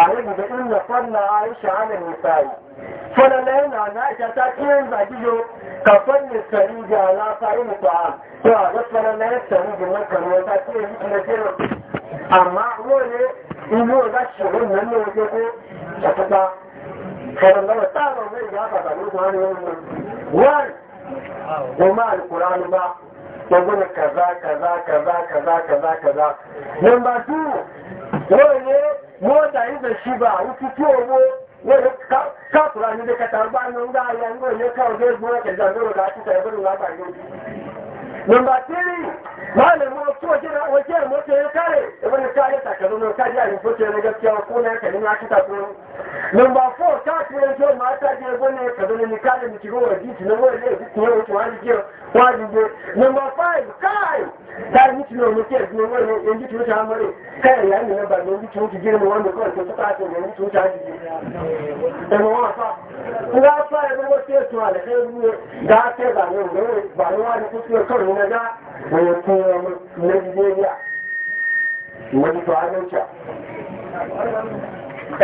ààrẹ ìgbẹ̀ ìlọ̀ fọ́nà àìṣà alẹ́ nìsáyì. Fọ́nà lẹ́yìn àná ìjàta tí ó ń gbà jíjọ kàfọ́n ní sẹ̀rí ìjà aláfáà ìmùtọ̀ àà tó àgbẹ́fọ́nà lẹ́yìn sẹ̀rí ìjì mẹ́kànlẹ́ amma wani imo za shi shirin nan ne wajen ko da kuka kada da wata ba zai ga ka da ruwa ne wani kuma alkurani ba ya gina kaza kaza kaza number two wani mota yi da shi ba wuce tuwo wani kakura ne da ka tarba nan da ayyana ne kawai zai zuwa ka zanzaro da ake tarbar da ba number three malamin wasu wajiyar mota ya kare ibn kare takaru na kari a rubutu na gaskiya ko na kari na kita ko number 4 ta tuwe jo ma ta je gone ka zo ni kare mu ci go wajiti na wani ne ku ne wato wani je wani je number 5 kai táyé tí òun tí ẹ̀sìn owó rẹ̀ èyí tí ó ṣe àmọ́rẹ̀ káyà ìyá mi lọ́ba ní ojú ti gírí mi wọ́n mi tó káàkiri ní tí ó ṣe àjèjì ẹ̀mọ̀ wọn fà ńlá fà wọ́n tí ètò àlẹ́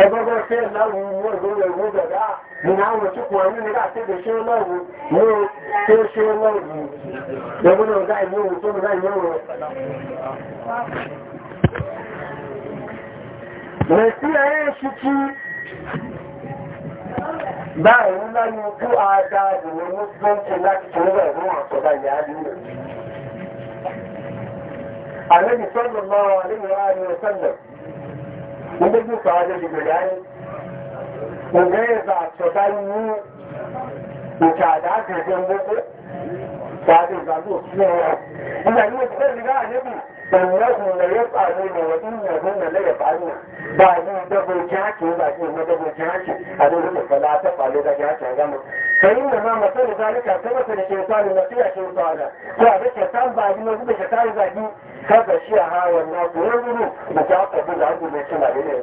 ẹgbẹ́gbẹ́ ṣe láwọn ohun ìgbóhùn ìwé ìjọba nínú àwọn òṣìkò wọn nígbà tí ó ṣe lọ́wọ́ ní ó ṣe lọ́wọ́ lọ́gbọ́n náà dá ìlú òun tó ń dá ìlú òun. Mèsí ẹ̀rẹ́ ìṣíkí báyìí ńlá ni ojú àádá wọ́n tó kọ́ ajé gbogbo yáyé ògbé ẹ̀fà àtọ́ta inú òkè àdáàkì ẹ̀jẹ̀ gbogbo pàdé ìgbàgbó sí ọ̀rọ̀ nígbà ní òṣìṣẹ́ ìrìnlẹ̀ àlébù ìrìnlẹ́gùn lẹ́yẹ́ pàdé ìrìnlẹ̀ ìrìnlẹ̀gùn lẹ́yẹ̀ pàdé báyìí dọ́gbọ̀ jáàkì nígbà tí ìmọ̀ dọ́gbọ̀ jáàkì àdéhùn ìfọ̀lá àtẹ́fà ló dájáàkì àgámọ́ فإنما مثل ذلك كمثل الشيطان المسيح شيطانا فهذا الشيطان بعد ما يقول الشيطان بعد كذا ها والناس ينظروا متعاقب بالعدل من السنة إليه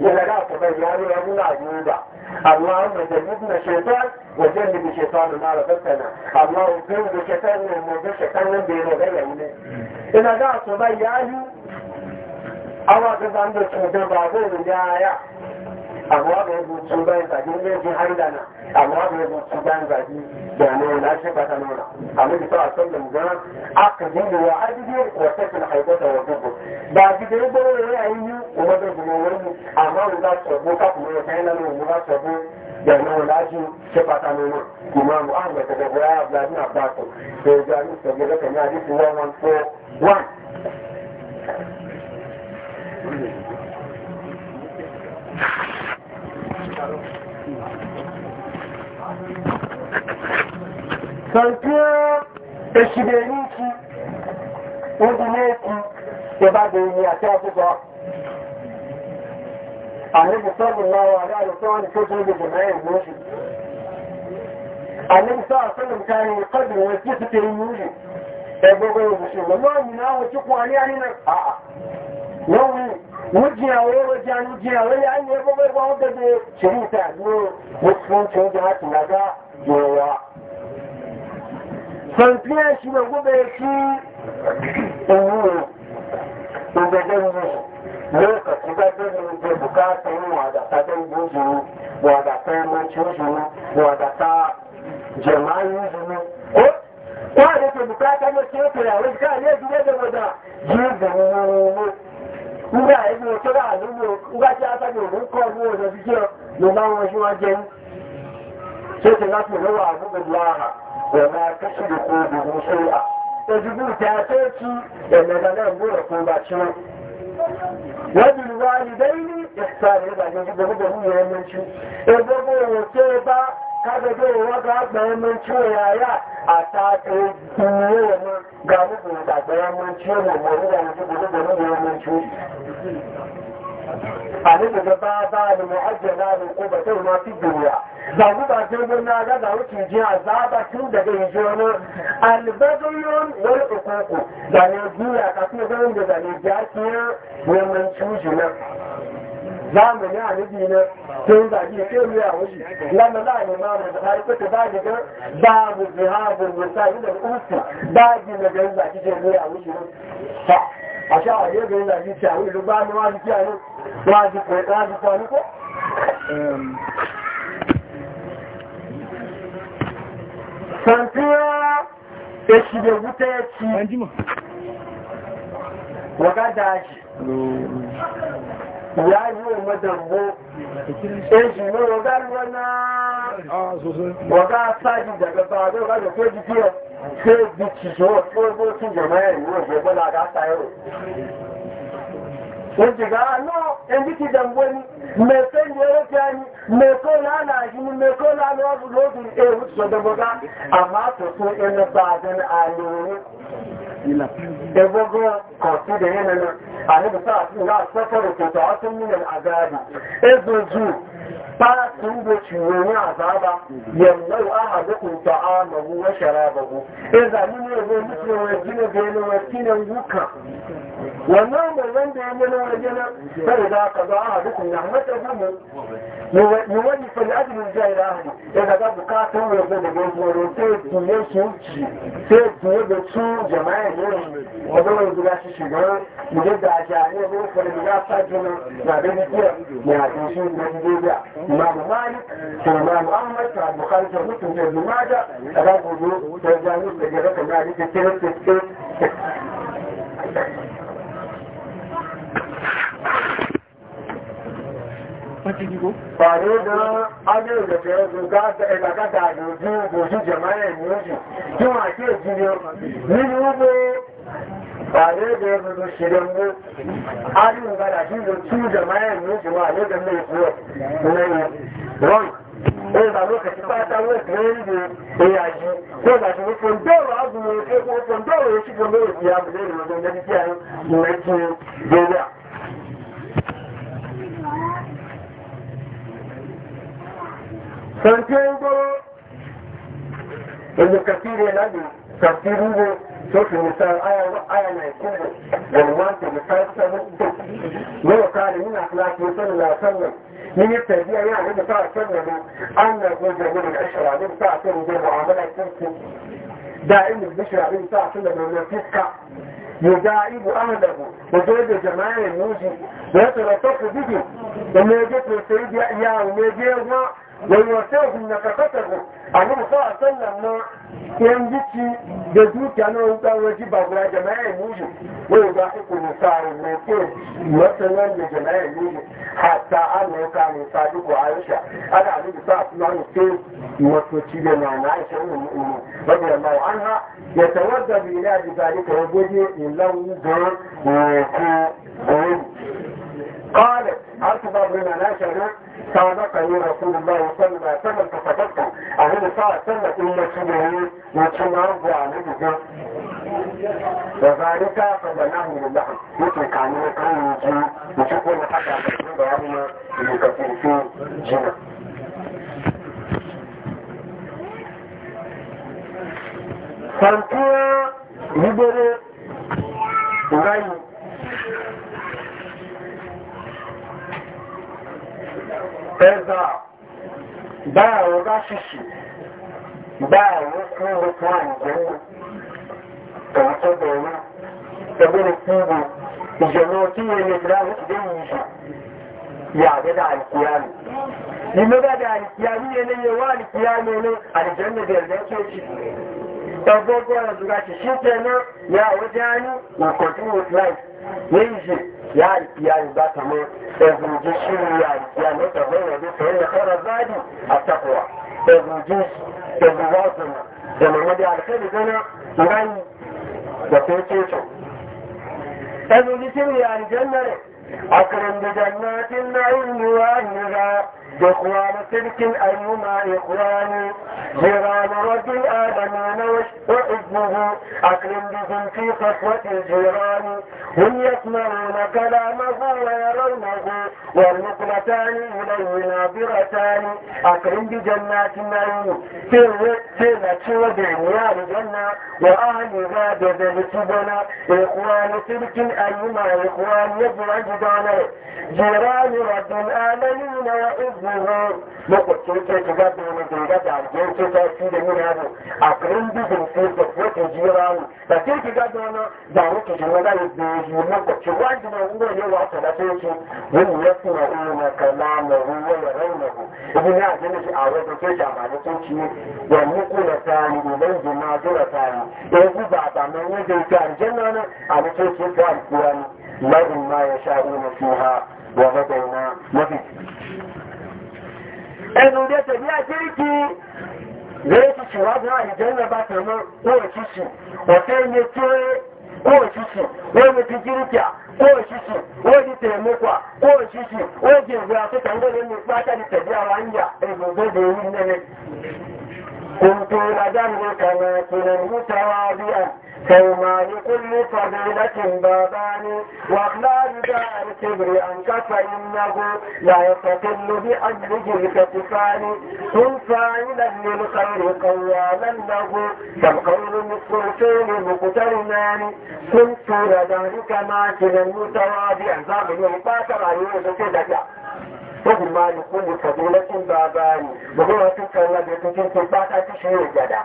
إذا لا تبين يعني يقول يعني عجيبا اللهم جنبنا الشيطان وجنب الشيطان ما رزقتنا اللهم جنب الشيطان وموضوع الشيطان من بين غيره يعني. إذا لا يعني، تبين أواجب عندك مدن بعضهم يا يا amma da ya buci bayan zagi ne ya je haida na amma da ya buci bayan zagi da ne na shi fata nuna amma da sa'a sallam gana aka jini wa adidi wa sakin haibata wa dubu ba ji da ya gano ya yi ayyuka kuma da zuwa wani amma wani Sọ̀rọ̀ èṣìdè ní kí ó di ní èkú ìbádé ní àti àkókò. Àníbi sọ́ọ̀bù náà wà láàrín sọ́ọ̀nì tó tó lè jùmọ́ ìlú oṣù. Àníbi sọ́ọ̀ sọ́ọ̀nì káyé kọ́dù wọn tí ti kéré ní oṣù. Àà, lọ́wọ́ Mujiya wai wajen mujiya wai an yi gobe ba wanda zai shirita ne musulunci da hatu na nígbà ìbò tó rà nínú nígbà tí a fẹ́ lòun kọ́ owó ọ̀nà jíjẹ́ ló máa wọn ṣe wọ́n jẹun tó ti láti lọ́wọ́ àbúgbò lára ọ̀nà akẹ́sìlẹ̀ kó obìnrin ṣe à ojúbù tí a tó kí ẹ̀mẹ̀dà náà ń gbọ́dọ̀ fún bá tí wọ́n. wọ́n ti lù wá ní bẹ́ẹ̀ ní ìsàlẹ̀ ìbàjẹ́ gbogbo gbogbo yẹn lójú. egbogbo òwò tó bá kágbẹ̀gbẹ̀ ìwọ́gbà àgbà ẹmọ tí ó yà yà àtàkì ìwé ọmọ gàmùgbù ìdàgbà ẹmọ tí ó lè mọ̀ nígbà ìdíbò nígbà ẹmọ tí ó àníkùnjẹ bá bá ni mo ọjọ́ láàrin kó bẹ̀tẹ̀ ìwọ́n ti gbòòrà zàmúbà tí ó gbóná agbádà ó kì í jẹ́ àzáàbà tí ó dẹ̀gẹ̀ ìjọ ọmọ alìbẹ́dúnlọ́n lórí òkùnkùn zàmì ìgbìyà àkàtúndínlọ́n lè zàmì ìjà kí ó wọ́n mọ̀ tí ó jù náà zamani a nufi na sun zagi ke ruwa wuce lalla za a nema mai zama ita ta zagi ga babu zihabin wuta yi da uku zagi na gan zagi ke ruwa wuce ta a sha a yau gan zagi ce a wuri ba ni wani kiyaye wani kwai wani kwani ko santiya ya shi da wuta ya ci wagada shi ya yi wa madambo ɗan eh, ne wa gari wannan saji daga bada wa ga ko jikiyar sai biki shi wa tsogo tun jama'a yi wa gobe na ga sayarwa wọ́n ti gbà á da ẹni ti dàmbó ni mẹ́kọ́ ni ó ti ẹni mẹ́kọ́ lánàá yìí ni mẹ́kọ́ lánàá ọdún lóògùn èrò sọ̀dọ̀bọ̀gá àmọ́ àtọ̀tún ẹni bá a dẹni àlè òun. ebogo kọ̀ọ̀tí da yẹn nana àníbi sáà sí ìlà àṣẹ́fẹ́rẹ̀ kòtò ọtún mílẹ̀ àgáàdì ezozu para tí ń bó ti wọ́n ní àzába yẹ̀mọ́ àhàdé kòtò àmọ̀wó wẹ́ṣẹ̀rẹ̀ àbọ̀wó ẹzà nínú ẹgbẹ́ oníṣẹ́ wọn jí wannan mai wanda ya gina waje na sai da ka zo a dukkan na mata gumu ni wani fa ajin jai da hadi ya ga da bukatun ya zo da gori sai tuye su ci sai tuye da su jama'a ne wanda wani gida shi shi ga mu da da ja ne ko fa da ya sa jina na da ni kira ne a cikin shi da ni ma imam malik ko imam ahmad ta bukhari da mutum da jumada da ga gudu da jami'a da ga kana da kira ta Pàdé gan-an, ajé ìrẹ̀fẹ́ ogun gáàsẹ̀ ẹgbàkátà àjòjú òjò jẹ̀máyẹ̀ ní oṣù tí wọ́n àti èjì ni Nínú wípé pàdé gan-an ló mú, a ìgbàdà sí ìlú tí jẹ̀máyẹ̀ oṣù wà ní fòǹdọ́rọ̀ sanjengo wenye kafiri nani tafsiri hiyo sote ni sawa aya aya na ikulu walwanti ni sawa sawa wewe kale ni akhlaq ya sallallahu alaihi wasallam ni tabia ya nabii sawa sallallahu anna goja ni ashra ni sawa sallallahu ni muamala kiki دائم البشرى بن ساعة سنة من الفسكة يداعب أهله وجد جماعة الموجي ويتلطف به وما يجب السيد يأياه وما يجب ويوسعهم نفقتهم أنه صلى الله عليه وسلم ينجتي جزوك أنه يبقى وجب أبرا جماعة الموجب ويضاحك النساء الموكين مثلا لجماعة الموجب حتى أنه كان يصادق عائشة أنا عليه الصلاة والسلام كيف يوسوتي لنا عن عائشة المؤمنين رضي الله عنها يتوجب إلى ذلك وجد إن له غير قالت أرتضى بما ناشرنا صادقني رسول الله صلى الله عليه وسلم فصدقت أهل صلى سنة إلا شبهه وكما رضي عليه وذلك فدناه لله مثل كان يكون يجي وشكوى لحتى تكون بياننا من كثير في جنة Santuwa libere rayu ẹ̀zà báyàwó bá ṣìṣì báyàwó fún orúkún àìjẹ́wò tọ̀wọ́ tó bẹ̀rẹ̀ ẹgbẹ́rẹ̀ fún ìbò ìjọba tí ó lè gbá lókùdé ìyíṣà yà àdẹ́dà àìkíyàmì ìmọ́dàdà àìkíyàmì eléyẹ wà àìkíyàmì olé àìjẹ́mì bẹ̀rẹ̀ kéèkì ẹgbẹ́gbẹ́ ọ̀dùgà ṣìṣì tẹ̀ náà ya alkiya ba ta mu ezuji shi ya alkiya ne ta zai yadda ta yi kara zadi a takwa ezuji ezuwa su da mamadi alkhairi gana ngai da sai cece ezuji shi ya aljanna ne a karin da jannatin na'in yiwa hira بإخوان تلك أيما إخواني جيران رب الآدمين وإذنه أكرم بهم في صفوة الجيران هم يسمعون كلامه ويرونه والنقلتان إليه نابرتان أكرم بجنات النعيم في الوقت وبعنيان جنة وأهل غاب ذلتبنا إخوان تلك أيما إخوان يجرى جدانه جيران رب الآدمين وإذنه jiho makwacin ce ta zaɓe wani gunga da ajiyar ce ta fi da nuna mu a karin bizin sai ta wata jira mu da ce ki zaɓe wani da wata jira da ya biyu jiho makwacin wajen na wuri ne wa ta da sai ce wani ya fi na iya na kama na ruwa ya rauna ku ibi na ajiyar shi a wata ce ta ba da ce ne ya muku na tari tani ilan na jira tani ya guba ba mai wajen ta aljanna na a da ce ce ta alkuwa ne lahun ma ya na fi ha wa madaina mafi ẹnu bí ẹsẹ̀ bí àjẹ́ríkì lórí ti ṣèwádìí àìjẹ́ ńlẹ̀ bá tẹ̀ mọ́ ọ̀tẹ́ iye tí ó kó òṣìṣì wọ́n mi ti jíríkìá kó òṣìṣì wọ́n ti tẹ̀ mẹ́kọ̀á kó òṣìṣì ti ìwé كومان كل فضيلة بابان واخلال دار الكبر أنك فإنه لا يستقل بأجله الكتفان كن فاعلا للخير قواما له فالقول بالسلطين مقترنان كن طول ذلك ماكنا متواضعا ظاهر الباكر عليه سدكا gbogbo máa ní kó lè kàdé lẹ́sìn bá a bá rí gbogbo wọn tún kan lábẹ́ tó kéńté pátá tí ṣe é jàdá.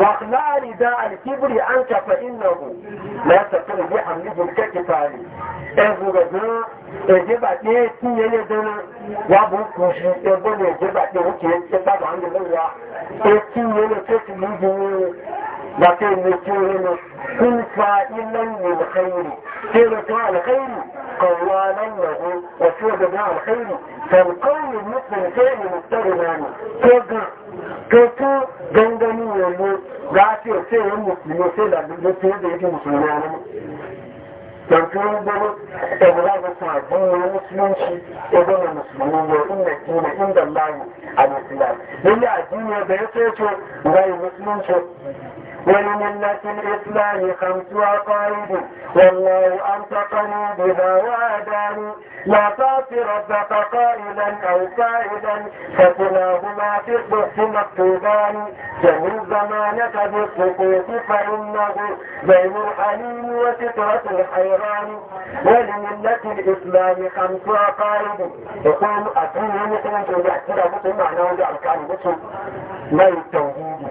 wàhálàárì dá àlìkíbìrì à ń kàfẹ́ ìnáwó lẹ́sọ̀tún ìgbé àmìlìjì kẹ́kẹ́ ke ẹ̀bù rẹ̀ gan èjìbà tí é tí yé lé dáná wà bó kù sí ẹgbẹ́ ní èjìbà tí ó kì í ṣe pàtó àńdẹ̀lẹ́wà ètí yé lé tó ti lù لكن يقولون كن فائلا للخير سيرة على الخير قوالا له وسيرة على الخير فالقول مثل فعل مستغنى كذا كتو جنجني يقول لا تيسير المسلمين سيدا بالمسلمين يجي مسلمين ينكرون بلد إبلاغ تعدين المسلمين إذن المسلمين وإن الدين عند الله الإسلام لله الدين يبيته غير المسلمين ولملة الإسلام خمس عقائد والله أنطقني بها وأداني لا تعطي ربك قائلا أو قائدا فكلاهما في الصحف مكتوبان سهل زمانك بالسقوط فإنه بين الحليم وفطرة الحيران ولملة الإسلام خمس عقائد يقول أتوني مثلا تقول يحكي لك معنى وجع الكعب ما التوحيد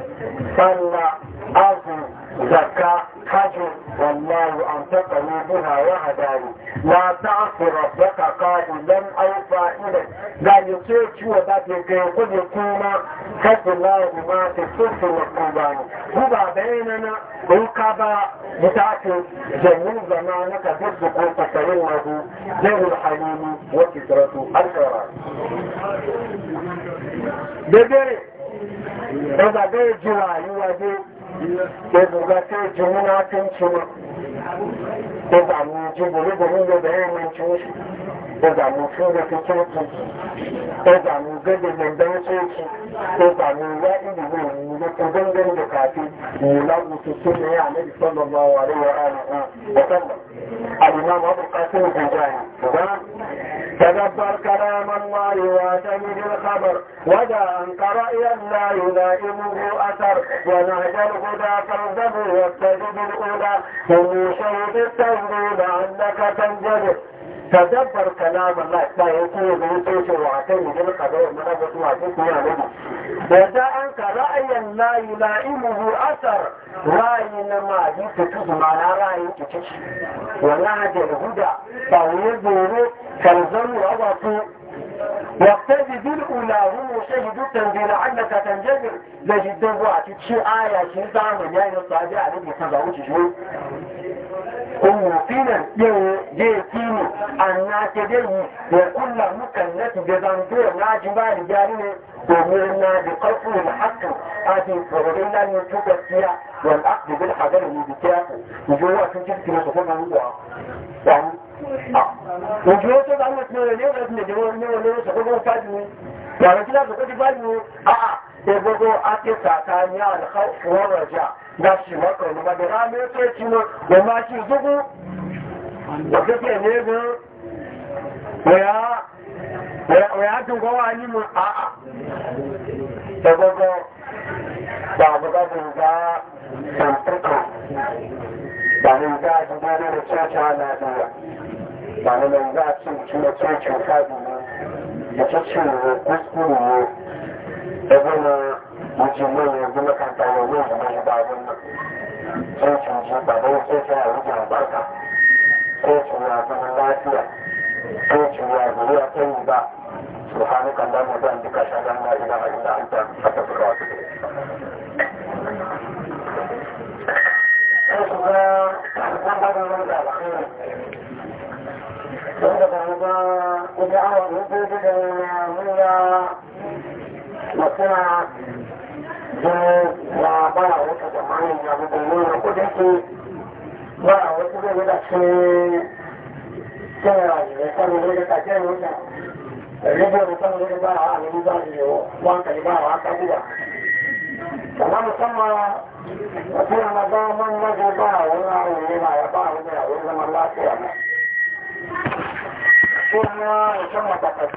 الله أرض زكاة حج والله أنفقني بها وهداني لا تعصي ربك قالوا لن أوفى إليك قال يطيع شو ذاتك يقول يكون فضل الله بما في الصف والقربان هو بيننا وكبا بتاعته جميل زمانك ضد قوة كريمه ذو الحليم وكثرة الكرام ببري هذا بيجي وعلي وجيه daga za ta yi jimuna daga cewa da ji buru-buru da bayan mancin shi اجعل من خير فكرتي اجعل من من دوسيتي اجعل وائل من يتزنجن بكاتي يلغي في السنة صلى الله عليه وآله وسلم الإمام أبو القاسم الحجاهي تدبر كلام الله واعتمد الخبر ودا أن رأيا لا يلائمه أثر ونهج الهدى فارزه واتجد الأولى كل شيء بالتوحيد عندك تنجد تدبر كلام الله لا يقول من توش وعتين من القضاء من أبو سواتين يا نبي وإذا أنت رأيا لا يلائمه أثر رأي لما ما لا رأي ولا ونعد الهدى فويد نورو كالزم وضعه واقتدي بالأولى هم شهدوا التنزيل عندك تنجبر لجد وعتي تشي آية شيء دعم يعني الصادق عليك تبعوش شوي وفينا يو جيتيني أنا تدعي وكل مكلف بذنبه ناجبا رجالنا ومرنا بقصر الحق أتي فغرنا من تبكيا والأخذ بالحذر من بكياته نجوا تنجد كما تقولنا نجوا نجوا تبعنا تنجوا نجوا نجوا نجوا تقولنا في وعلى كلا تقولنا فاجمي آه يبقوا أتي ساكانيا الخوف والرجاء Na shi maka wani ba da ranar tsoci na da ma shi zugu da kake ne ga waya waya duka wani mu a'a da gogo ba buga buga tamfuka ba ne za a duba ne da coci ana duba ba ne da za a cin cina cocin fadi ne da cocin kuskuru ne da gona wuce ne yanzu na kan tare ne da mai babin nan sai su ji ba dai sai sai a wuce albarka sai su ya zama lafiya sai su ya zuriya ta yi ba su hannu kan damu zan duka shagan na ina a ina an ta fata suka wasu sai su ga ɓangaren wanda alkhairi wanda ba mu ga wata awon hudu da muna masana don ya ba wata tsammanin ya mu domin na ko da ke ba wata zai yi da ce cewa ya sami ne da kajiyar wuta ribar da sami ne ba a alamu ba su yiwu wanka ba a haka guda sannan musamman a tura na zaman mazo ba a wani awon ne ba ya ba a wani awon zaman lafiya ba. Kuma musamman